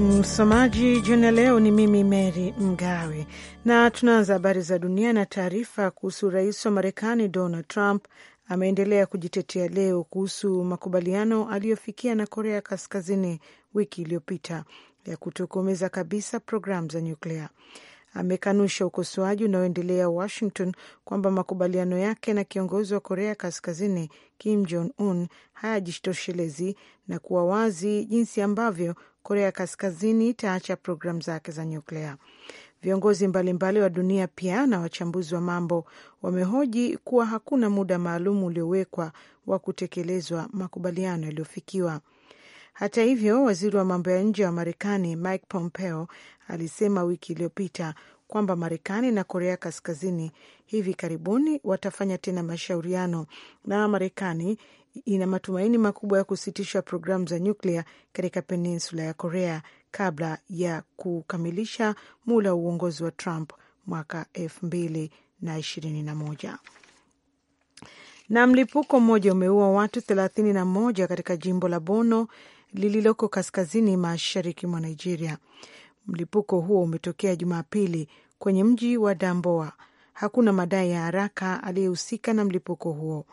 Msomaji jioni ya leo ni mimi Mary Mgawe, na tunaanza habari za dunia na taarifa kuhusu. Rais wa Marekani Donald Trump ameendelea kujitetea leo kuhusu makubaliano aliyofikia na Korea Kaskazini wiki iliyopita ya kutokomeza kabisa programu za nyuklia. Amekanusha ukosoaji unaoendelea Washington kwamba makubaliano yake na kiongozi wa Korea Kaskazini Kim Jong Un hayajitoshelezi na kuwa wazi jinsi ambavyo Korea Kaskazini itaacha programu zake za nyuklia. Viongozi mbalimbali wa dunia pia na wachambuzi wa mambo wamehoji kuwa hakuna muda maalum uliowekwa wa kutekelezwa makubaliano yaliyofikiwa. Hata hivyo, waziri wa mambo ya nje wa Marekani Mike Pompeo alisema wiki iliyopita kwamba Marekani na Korea Kaskazini hivi karibuni watafanya tena mashauriano na Marekani ina matumaini makubwa ya kusitisha programu za nyuklia katika peninsula ya Korea kabla ya kukamilisha muda wa uongozi wa Trump mwaka elfu mbili na ishirini na moja. Na mlipuko mmoja umeua watu thelathini na moja katika jimbo la Bono lililoko kaskazini mashariki mwa Nigeria. Mlipuko huo umetokea Jumapili kwenye mji wa Damboa. Hakuna madai ya haraka aliyehusika na mlipuko huo.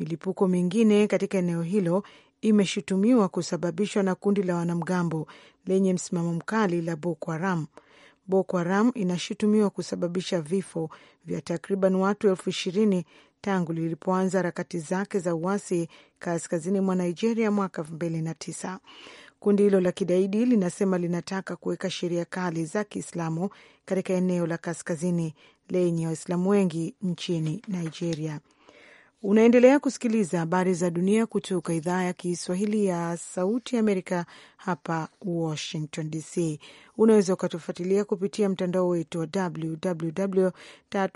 Milipuko mingine katika eneo hilo imeshutumiwa kusababishwa na kundi la wanamgambo lenye msimamo mkali la Boko Haram. Boko Haram inashutumiwa kusababisha vifo vya takriban watu elfu ishirini tangu lilipoanza harakati zake za uasi kaskazini mwa Nigeria mwaka elfu mbili na tisa. Kundi hilo la kidaidi linasema linataka kuweka sheria kali za Kiislamu katika eneo la kaskazini lenye Waislamu wengi nchini Nigeria. Unaendelea kusikiliza habari za dunia kutoka idhaa ya Kiswahili ya Sauti Amerika hapa Washington DC. Unaweza ukatufuatilia kupitia mtandao wetu wa www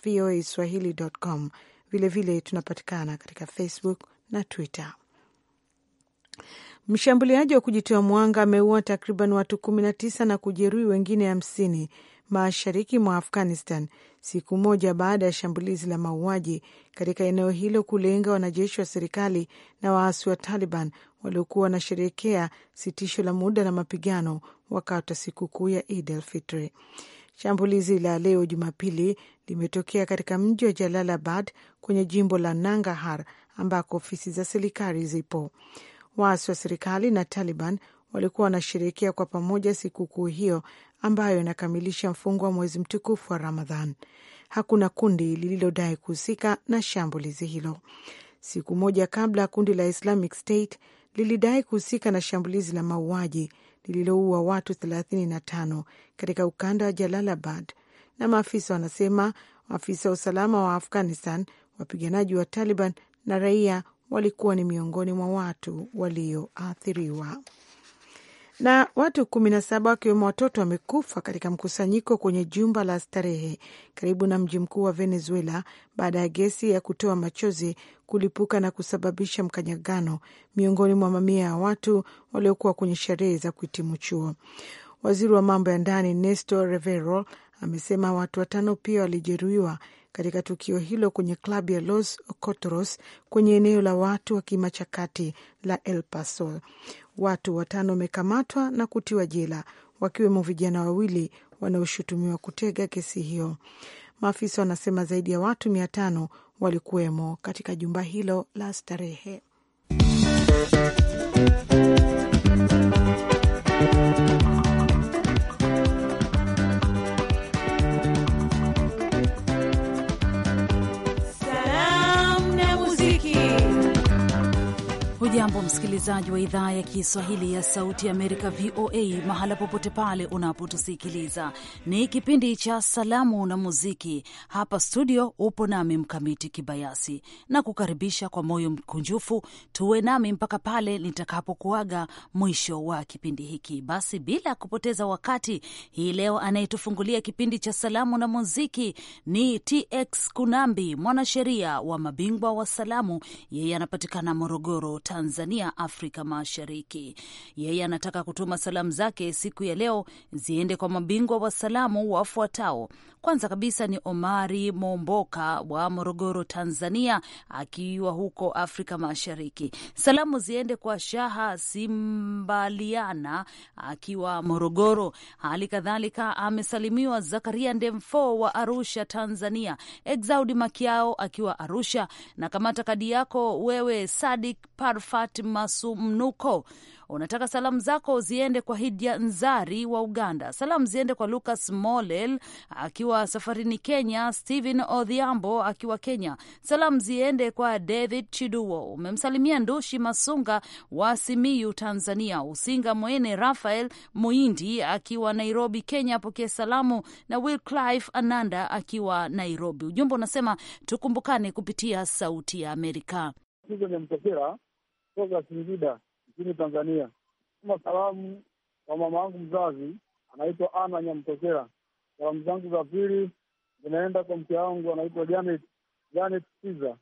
voa swahili.com. Vilevile tunapatikana katika Facebook na Twitter. Mshambuliaji wa kujitoa mwanga ameua takriban watu na tisa na kujeruhi wengine hamsini mashariki mwa Afghanistan siku moja baada ya shambulizi la mauaji katika eneo hilo kulenga wanajeshi wa serikali na waasi wa Taliban waliokuwa wanasherehekea sitisho la muda la mapigano wakati wa sikukuu ya Id el Fitri. Shambulizi la leo Jumapili limetokea katika mji wa Jalalabad kwenye jimbo la Nangahar ambako ofisi za serikali zipo. Waasi wa serikali na Taliban walikuwa wanasherehekea kwa pamoja sikukuu hiyo ambayo inakamilisha mfungo wa mwezi mtukufu wa Ramadhan. Hakuna kundi lililodai kuhusika na shambulizi hilo. Siku moja kabla, kundi la Islamic State lilidai kuhusika na shambulizi la mauaji lililoua watu 35 katika ukanda wa Jalalabad, na maafisa wanasema maafisa wa usalama wa Afghanistan, wapiganaji wa Taliban na raia walikuwa ni miongoni mwa watu walioathiriwa na watu kumi na saba wakiwemo watoto wamekufa katika mkusanyiko kwenye jumba la starehe karibu na mji mkuu wa Venezuela baada ya gesi ya kutoa machozi kulipuka na kusababisha mkanyagano miongoni mwa mamia ya watu waliokuwa kwenye sherehe za kuhitimu chuo. Waziri wa mambo ya ndani Nestor Revero amesema watu watano pia walijeruhiwa katika tukio hilo kwenye klabu ya Los Cotros kwenye eneo la watu wa kima cha kati la El Paso watu watano wamekamatwa na kutiwa jela, wakiwemo vijana wawili wanaoshutumiwa kutega kesi hiyo. Maafisa wanasema zaidi ya watu mia tano walikuwemo katika jumba hilo la starehe. Hujambo msikilizaji wa idhaa ya Kiswahili ya Sauti ya Amerika, VOA, mahala popote pale unapotusikiliza. Ni kipindi cha Salamu na Muziki. Hapa studio upo nami Mkamiti Kibayasi na kukaribisha kwa moyo mkunjufu, tuwe nami mpaka pale nitakapokuaga mwisho wa kipindi hiki. Basi bila kupoteza wakati, hii leo anayetufungulia kipindi cha Salamu na Muziki ni TX Kunambi, mwanasheria wa mabingwa wa salamu. Yeye anapatikana Morogoro, Tanzania. Tanzania, Afrika Mashariki. Yeye anataka kutuma salamu zake siku ya leo ziende kwa mabingwa wa salamu wafuatao: kwanza kabisa ni Omari Momboka wa Morogoro, Tanzania, akiwa huko Afrika Mashariki. Salamu ziende kwa Shaha Simbaliana akiwa Morogoro. Hali kadhalika amesalimiwa Zakaria Ndemfo wa Arusha, Tanzania, Exaudi Makiao akiwa Arusha na kamata kadi yako wewe, Sadik Parfat Masumnuko Unataka salamu zako ziende kwa Hidya Nzari wa Uganda, salamu ziende kwa Lucas Molel akiwa safarini Kenya, Stephen Odhiambo akiwa Kenya, salamu ziende kwa David Chiduo. Umemsalimia Ndushi Masunga wa Simiyu, Tanzania, Usinga Mwene Rafael Muindi akiwa Nairobi, Kenya, apokee salamu na Will Clive Ananda akiwa Nairobi. Ujumbe unasema tukumbukane kupitia Sauti ya Amerika. Hizo ni toka Singida nchini Tanzania. Tuma salamu kwa mama wangu mzazi anaitwa Ana Nyamtokera. Salamu zangu za pili zinaenda kwa mke wangu anaitwa Janet Janet Siza.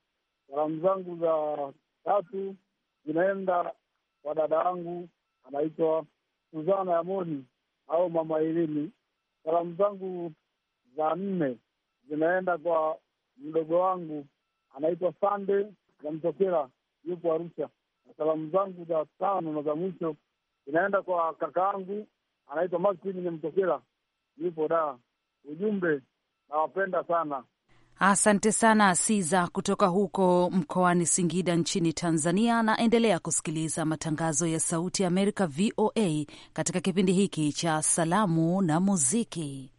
Salamu zangu za tatu zinaenda kwa dada yangu anaitwa Suzana Yamoni au mama Elimi. Salamu zangu za nne zinaenda kwa mdogo wangu anaitwa Sande Nyamtokera, yupo Arusha. Salamu zangu za tano na za mwisho zinaenda kwa kakaangu anaitwa Martin Nyemtokela, yupo da. Ujumbe, nawapenda sana. Asante sana Siza kutoka huko mkoani Singida nchini Tanzania. Naendelea kusikiliza matangazo ya Sauti ya Amerika VOA katika kipindi hiki cha salamu na muziki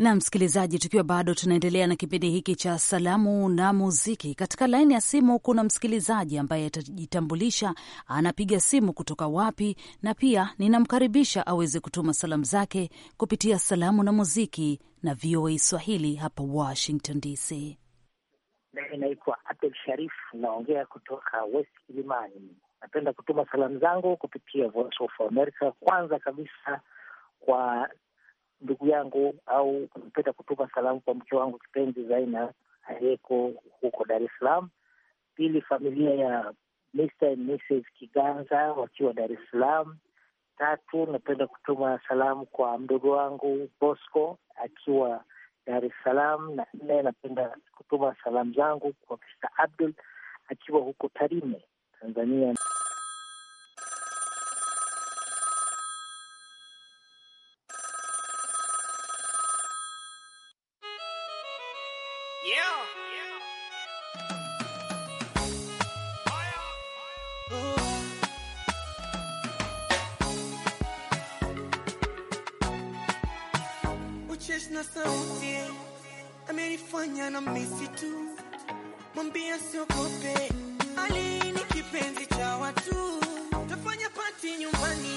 na msikilizaji, tukiwa bado tunaendelea na kipindi hiki cha salamu na muziki, katika laini ya simu kuna msikilizaji ambaye atajitambulisha, anapiga simu kutoka wapi, na pia ninamkaribisha aweze kutuma salamu zake kupitia salamu na muziki na VOA Swahili hapa Washington DC. Mimi naitwa Abdul Sharif, naongea kutoka West Kilimani. Napenda kutuma salamu zangu kupitia Voice of America, kwanza kabisa kwa ndugu yangu au napenda kutuma salamu kwa mke wangu kipenzi Zaina aliyeko huko Dar es Salaam. Pili, familia ya Mr and Mrs Kiganza wakiwa Dar es Salaam. Tatu, napenda kutuma salamu kwa mdogo wangu Bosco akiwa Dar es Salaam. Na nne, napenda kutuma salamu zangu kwa Mr Abdul akiwa huko Tarime, Tanzania. Mcheshi na sauti amenifanya na misi tu, mwambia siogope, alini kipenzi cha watu, tafanya pati nyumbani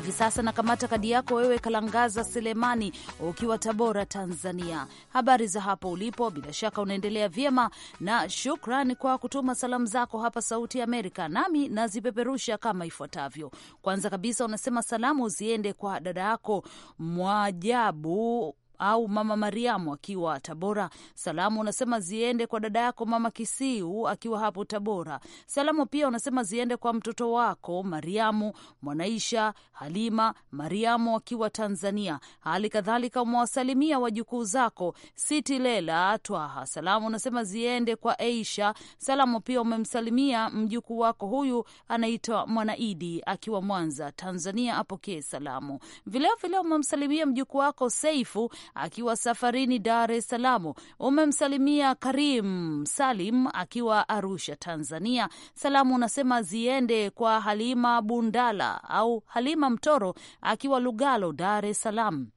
Hivi sasa nakamata kadi yako wewe, Kalangaza Selemani, ukiwa Tabora, Tanzania. Habari za hapo ulipo? Bila shaka unaendelea vyema, na shukran kwa kutuma salamu zako hapa Sauti ya Amerika, nami nazipeperusha kama ifuatavyo. Kwanza kabisa, unasema salamu ziende kwa dada yako Mwajabu au mama Mariamu akiwa Tabora. Salamu unasema ziende kwa dada yako mama Kisiu akiwa hapo Tabora. Salamu pia unasema ziende kwa mtoto wako Mariamu Mwanaisha Halima Mariamu akiwa Tanzania. Hali kadhalika umewasalimia wajukuu zako Lela Twaha. Salamu unasema ziende kwa Aisha. Salamu pia umemsalimia mjukuu wako huyu anaitwa Mwanaidi akiwa Mwanza Tanzania, apokee salamu. Vilevile umemsalimia mjukuu wako Seifu akiwa safarini Dar es Salaam. Umemsalimia Karim Salim akiwa Arusha, Tanzania. Salamu unasema ziende kwa Halima Bundala au Halima Mtoro akiwa Lugalo, Dar es Salaam.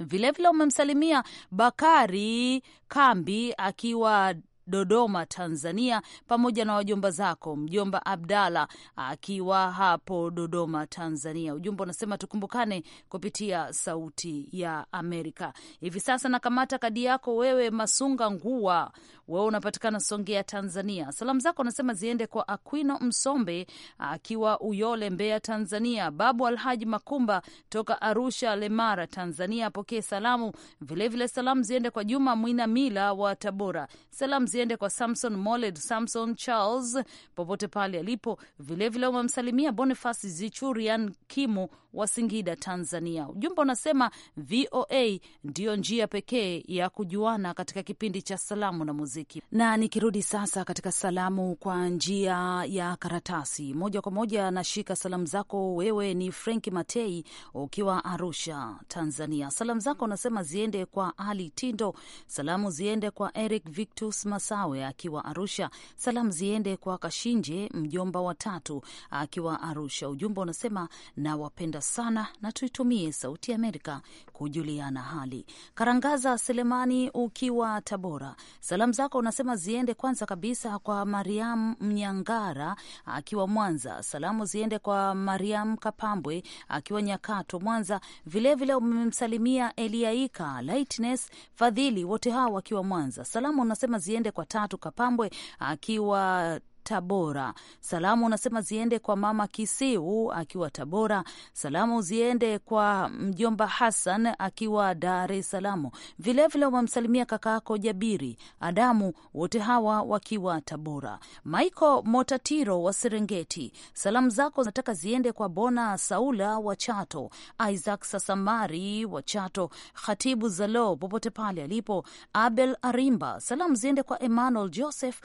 Vilevile umemsalimia Bakari Kambi akiwa Dodoma, Tanzania, pamoja na wajomba zako, mjomba Abdala akiwa hapo Dodoma, Tanzania. Ujumbe unasema tukumbukane kupitia Sauti ya Amerika. Hivi sasa nakamata kadi yako wewe, Masunga Nguwa, wewe unapatikana Songea, Tanzania. Salamu zako unasema ziende kwa Aquino Msombe akiwa Uyole, Mbeya, Tanzania. Babu Alhaji Makumba toka Arusha, Lemara, Tanzania, apokee salamu vilevile. Salamu ziende kwa Juma Mwinamila wa Tabora. Salamu ziende kwa Samson Moled, Samson Charles popote pale alipo. Vilevile umemsalimia Bonifas Zichurian Kimu wa Singida, Tanzania. Ujumbe unasema VOA ndiyo njia pekee ya kujuana katika kipindi cha salamu na muziki. Na nikirudi sasa katika salamu kwa njia ya karatasi, moja kwa moja nashika salamu zako wewe. Ni Frank Matei ukiwa Arusha, Tanzania. Salamu zako unasema ziende kwa Ali Tindo, salamu ziende kwa Eric Victus Masawe akiwa Arusha, salamu ziende kwa Kashinje mjomba watatu akiwa Arusha. Ujumbe unasema nawapenda tunapenda sana na tuitumie Sauti Amerika kujuliana hali. Karangaza Selemani ukiwa Tabora, salamu zako unasema ziende kwanza kabisa kwa Mariam Mnyangara akiwa Mwanza. Salamu ziende kwa Mariam Kapambwe akiwa Nyakato, Mwanza. Vilevile umemsalimia Eliaika Lightness Fadhili, wote hao wakiwa Mwanza. Salamu unasema ziende kwa Tatu Kapambwe akiwa Tabora. Salamu unasema ziende kwa mama Kisiu akiwa Tabora. Salamu ziende kwa mjomba Hassan akiwa Dar es Salaam. Vilevile wamemsalimia yako Jabiri Adamu, wote hawa wakiwa Tabora. Michael Motatiro wa Serengeti, salamu zako zinataka ziende kwa Bona Saula wa Chato, Isaac Sasamari wa Chato, Khatibu Zalo popote pale alipo, Abel Arimba. Salamu ziende kwa Emmanuel Joseph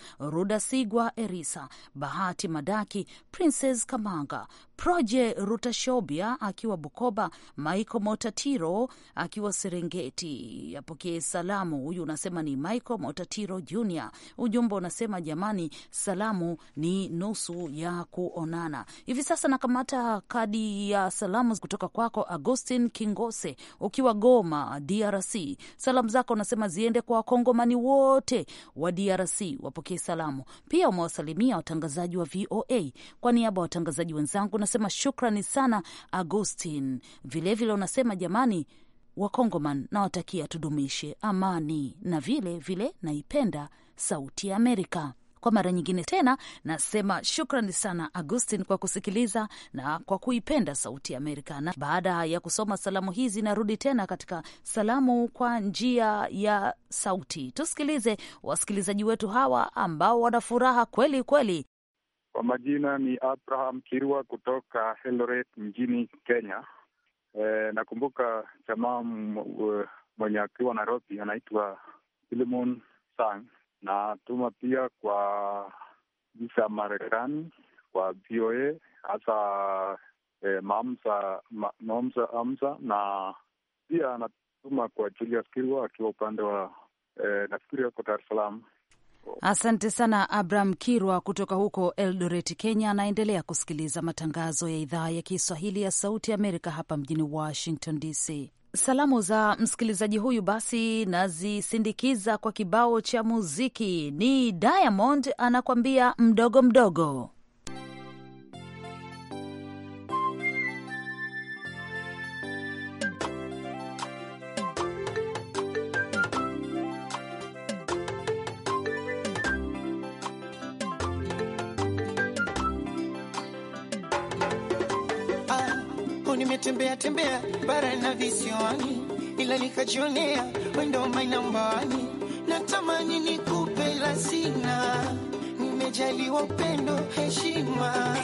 Sigwa Eris Mombasa, Bahati Madaki, Princess Kamanga, Proje Rutashobia akiwa Bukoba, Michael Motatiro akiwa Serengeti apokee salamu. Huyu unasema ni Michael Motatiro Jr. Ujumbe unasema jamani, salamu ni nusu ya kuonana. Hivi sasa nakamata kadi ya salamu kutoka kwako Agustin Kingose ukiwa Goma, DRC. Salamu zako unasema ziende kwa wakongomani wote wa DRC wapokee salamu. Pia umewasalimia watangazaji wa VOA. Kwa niaba ya watangazaji wenzangu unasema shukrani sana Agustin. Vilevile unasema jamani, Wakongoman nawatakia tudumishe amani na vile vile naipenda Sauti ya Amerika. Kwa mara nyingine tena nasema shukrani sana Agustin kwa kusikiliza na kwa kuipenda Sauti ya Amerika. Na baada ya kusoma salamu hizi, narudi tena katika salamu kwa njia ya sauti. Tusikilize wasikilizaji wetu hawa ambao wana furaha kweli kweli, kwa majina ni Abraham Kirwa kutoka Eldoret mjini Kenya. E, nakumbuka jamaa mwenye akiwa Nairobi anaitwa Filimon Sang na tuma pia kwa nchi ya Marekani kwa VOA hasa e, ma, maamsa amsa na pia anatuma kwa Julius Kirwa akiwa upande wa e, eh, nafikiria kwa Dar es Salaam Asante sana Abraham Kirwa kutoka huko Eldoret, Kenya. Anaendelea kusikiliza matangazo ya idhaa ya Kiswahili ya Sauti ya Amerika hapa mjini Washington DC. Salamu za msikilizaji huyu basi nazisindikiza kwa kibao cha muziki. Ni Diamond anakwambia mdogo mdogo. tembea bara na visiwani, ila nikajionea wendo mainambani, natamani nikupe la sina. Nimejaliwa upendo, heshima,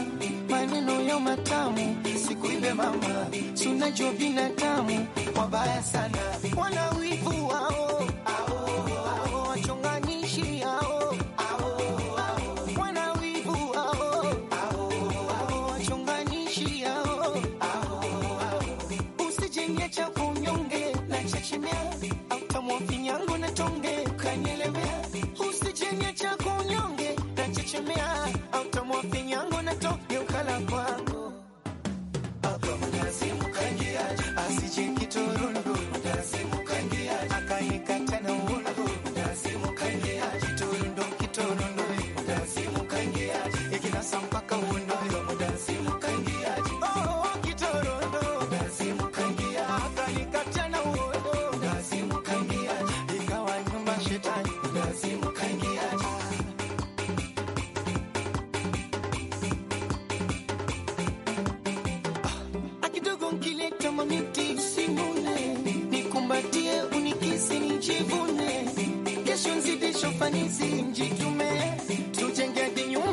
maneno ya matamu, sikuibe mama, sunajua binadamu wabaya sana Wana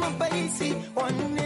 mabahisi wanne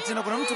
Licha que kuna mtu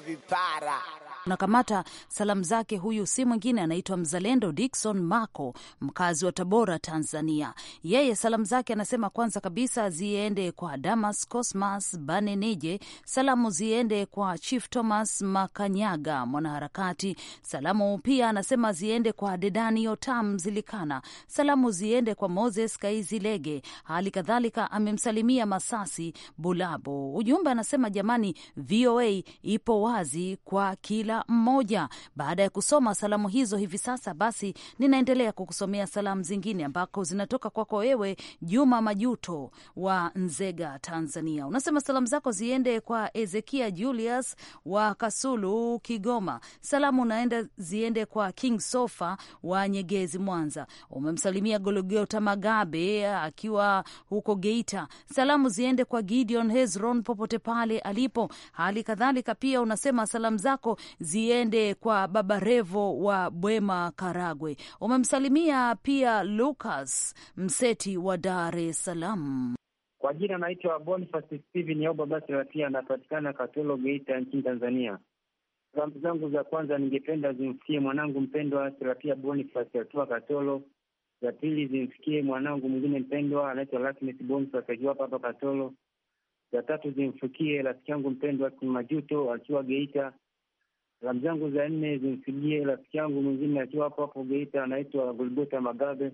vipara. Unakamata Salamu zake huyu si mwingine anaitwa Mzalendo dikson Mako, mkazi wa Tabora, Tanzania. Yeye salamu zake anasema kwanza kabisa ziende kwa Damas Cosmas Baneneje, salamu ziende kwa Chief Thomas Makanyaga mwanaharakati, salamu pia anasema ziende kwa Dedani Otam Zilikana, salamu ziende kwa Moses Kaizilege, hali kadhalika amemsalimia Masasi Bulabo. Ujumbe anasema jamani, VOA ipo wazi kwa kila mmoja baada ya kusoma salamu hizo hivi sasa, basi ninaendelea kukusomea salamu zingine ambako zinatoka kwako wewe, Juma Majuto wa Nzega, Tanzania. Unasema salamu zako ziende kwa Ezekia Julius wa Kasulu, Kigoma. Salamu unaenda ziende kwa King Sofa wa Nyegezi, Mwanza. Umemsalimia Gologota Magabe akiwa huko Geita. Salamu ziende kwa Gideon Hezron popote pale alipo. Hali kadhalika pia unasema salamu zako ziende kwa kwa Baba Revo wa Bwema, Karagwe. Umemsalimia pia Lucas Mseti wa Dar es Salaam. Kwa jina anaitwa Bonifasi Steven Yoba Basiratia, anapatikana Katolo, Geita nchini Tanzania. Salamu zangu za kwanza ningependa zimfikie mwanangu mpendwa Serapia Bonifasi Atua Katolo. Za pili zimfikie mwanangu mwingine mpendwa anaitwa Lakmes Bonifasi akiwapo hapa Katolo. Za tatu zimfikie rafiki yangu mpendwa Kimajuto akiwa Geita salamu zangu za nne zimfikie rafiki yangu mwingine akiwa hapo hapo Geita, anaitwa Golgota Magabe,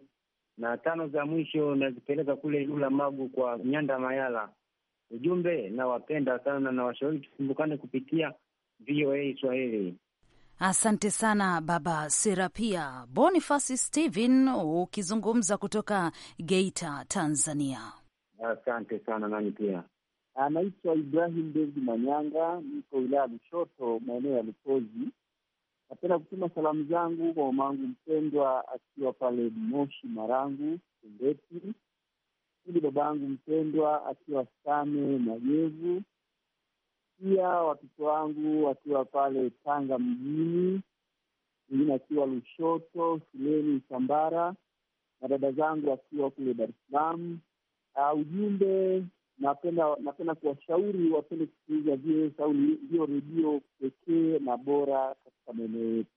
na tano za mwisho nazipeleka kule Lula Magu kwa Nyanda Mayala. Ujumbe, nawapenda sana na washauri tukumbukane kupitia VOA Swahili. Asante sana Baba Serapia Bonifasi Steven, ukizungumza kutoka Geita, Tanzania. Asante sana nani pia Anaitwa Ibrahim David Manyanga, niko wilaya Lushoto, maeneo ya Lukozi. Napenda kutuma salamu zangu kwa mamangu mpendwa akiwa pale Moshi Marangu Tendeti, ili babangu mpendwa akiwa Same Majevu, pia watoto wangu wakiwa pale Tanga mjini, wengine akiwa Lushoto Shuleni sambara na dada zangu akiwa kule Dar es Salaam. Uh, ujumbe napenda napenda kuwashauri wapende kusikiliza VOS au ndio redio pekee na bora katika maeneo yetu.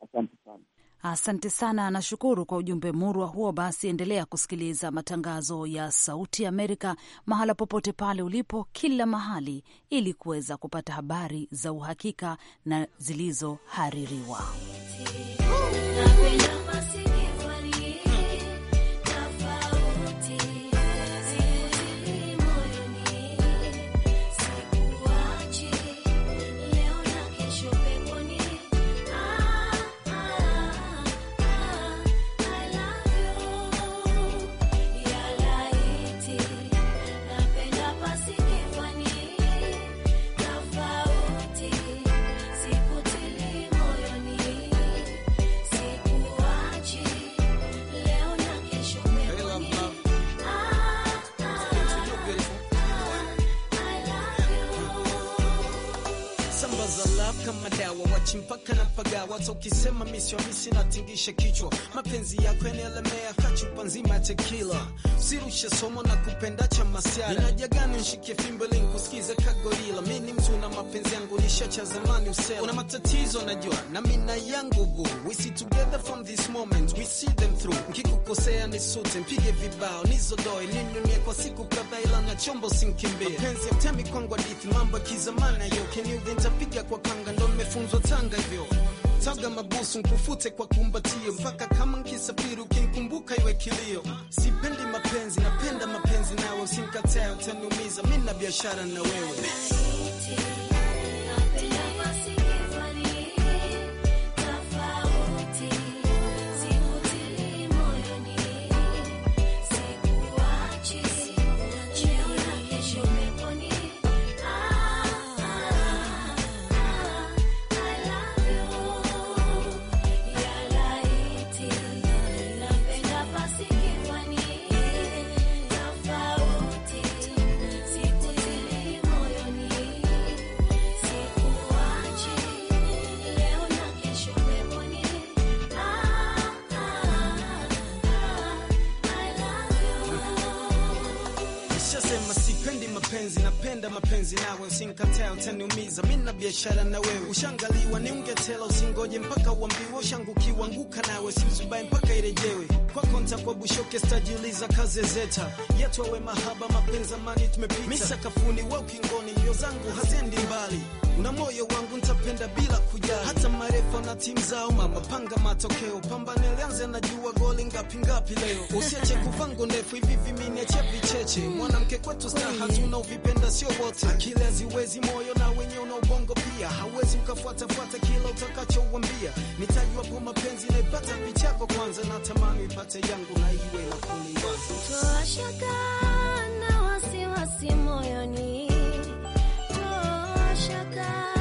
Asante sana. Asante sana, nashukuru kwa ujumbe murwa huo. Basi endelea kusikiliza matangazo ya Sauti Amerika mahala popote pale ulipo, kila mahali, ili kuweza kupata habari za uhakika na zilizohaririwa. madawa wachimpaka na pagawa. Hata ukisema misi misi natingisha kichwa, mapenzi yako yanaelemea kachupa nzima ya sirushe somo na kupenda cha masiara inaja gani nshike fimbo ili nikusikize kagorila mi ni mtu na mapenzi yangu nisha cha zamani usela una matatizo najua na mina yangu boo we see together from this moment we see them through nkikukosea nisute mpige vibao nizodoi ninunie kwa siku kadha ila na chombo sinkimbia mapenzi ya utemi kwangu hadithi mambo ya kizamani yo can you then tapiga kwa kanga ndo nimefunzwa tanga hivyo taga mabusu nkufute kwa kumbatio, mpaka kama nkisafiri ukinkumbuka iwe kilio. Sipendi mapenzi, napenda mapenzi nawe, usinkatae utaniumiza, mina biashara na wewe Napenda mapenzi nawe, usinikataa, utaniumiza. Mimi na biashara na wewe, ushangaliwa ni ungetela. Usingoje mpaka uambiwe, ushangukiwa nguka nawe, siuzubaye mpaka irejewe kwako bushoke stajiuliza yetu awe mahaba mapenza mani tumepita misakafuni wa ukingoni mbio zangu haziendi mbali na moyo wangu ntapenda bila kujali hata marefa na timu zao mama panga matokeo pambane lianze na jua goli ngapi ngapi leo usiache kuvangu ndefu hivi viminiachia vicheche mm. mwanamke kwetu staha tuna uvipenda sio wote mm. akili haziwezi moyo na wenye una ubongo pia pia hauwezi ukafuatafuata kila utakachouambia. Nitajua kwa mapenzi naipata picha kwanza, na tamani ipate yangu na iwe na kuniwaza. Toa shaka na wasiwasi moyoni, toa shaka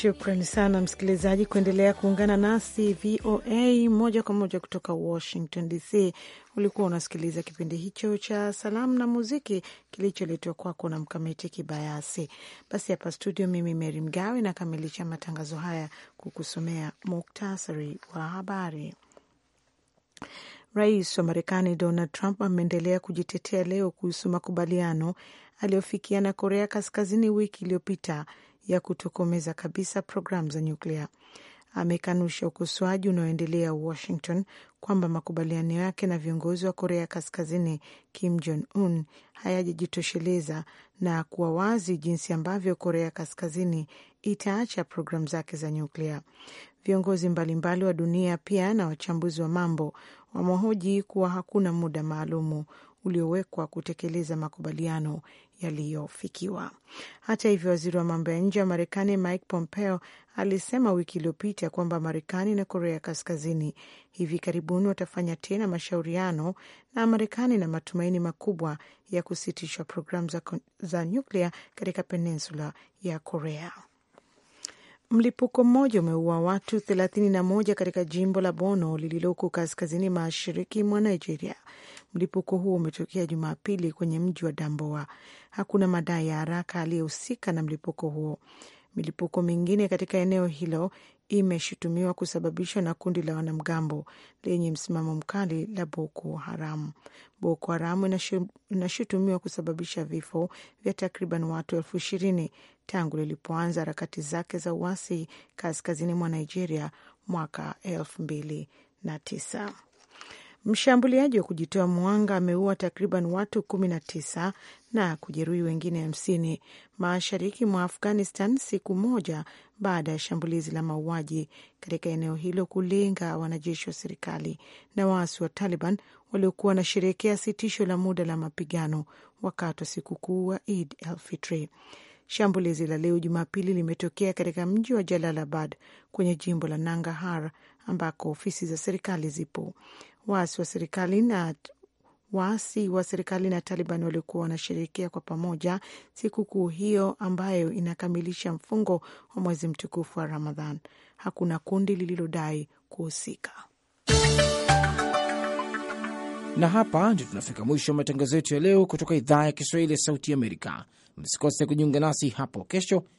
Shukran sana msikilizaji kuendelea kuungana nasi VOA moja kwa moja kutoka Washington DC. Ulikuwa unasikiliza kipindi hicho cha salamu na muziki kilicholetwa kwako na Mkamiti Kibayasi. Basi hapa studio, mimi mery Mgawe nakamilisha matangazo haya kukusomea muktasari wa habari. Rais wa Marekani Donald Trump ameendelea kujitetea leo kuhusu makubaliano aliyofikia na Korea Kaskazini wiki iliyopita ya kutokomeza kabisa programu za nyuklia. Amekanusha ukosoaji unaoendelea Washington kwamba makubaliano yake na viongozi wa Korea Kaskazini Kim Jong Un hayajajitosheleza na kuwa wazi jinsi ambavyo Korea Kaskazini itaacha programu zake za nyuklia. Viongozi mbalimbali wa dunia pia na wachambuzi wa mambo wamehoji kuwa hakuna muda maalumu uliowekwa kutekeleza makubaliano yaliyofikiwa. Hata hivyo, waziri wa mambo ya nje wa Marekani Mike Pompeo alisema wiki iliyopita kwamba Marekani na Korea Kaskazini hivi karibuni watafanya tena mashauriano na Marekani na matumaini makubwa ya kusitishwa programu za, za nyuklia katika peninsula ya Korea. Mlipuko mmoja umeua watu 31 katika jimbo la bono lililoko kaskazini mashariki mwa Nigeria Mlipuko huo umetokea Jumapili kwenye mji wa Damboa. Hakuna madai ya haraka aliyehusika na mlipuko huo. Milipuko mingine katika eneo hilo imeshutumiwa kusababishwa na kundi la wanamgambo lenye msimamo mkali la Boko Haram. Boko Haram inashutumiwa kusababisha vifo vya takriban watu elfu ishirini tangu lilipoanza harakati zake za uasi kaskazini mwa Nigeria mwaka elfu mbili na tisa. Mshambuliaji wa kujitoa mwanga ameua takriban watu kumi na tisa na kujeruhi wengine hamsini mashariki mwa Afghanistan siku moja baada ya shambulizi la mauaji katika eneo hilo kulenga wanajeshi wa serikali na waasi wa Taliban waliokuwa wanasherehekea sitisho la muda la mapigano wakati wa sikukuu wa Id el Fitri. Shambulizi la leo Jumapili limetokea katika mji wa Jalalabad kwenye jimbo la Nangahar ambako ofisi za serikali zipo waasi wa serikali na waasi wa serikali na Taliban walikuwa wanasherehekea kwa pamoja sikukuu hiyo ambayo inakamilisha mfungo wa mwezi mtukufu wa Ramadhan. Hakuna kundi lililodai kuhusika. Na hapa ndio tunafika mwisho wa matangazo yetu ya leo kutoka idhaa ya Kiswahili ya Sauti Amerika. Msikose kujiunga nasi hapo kesho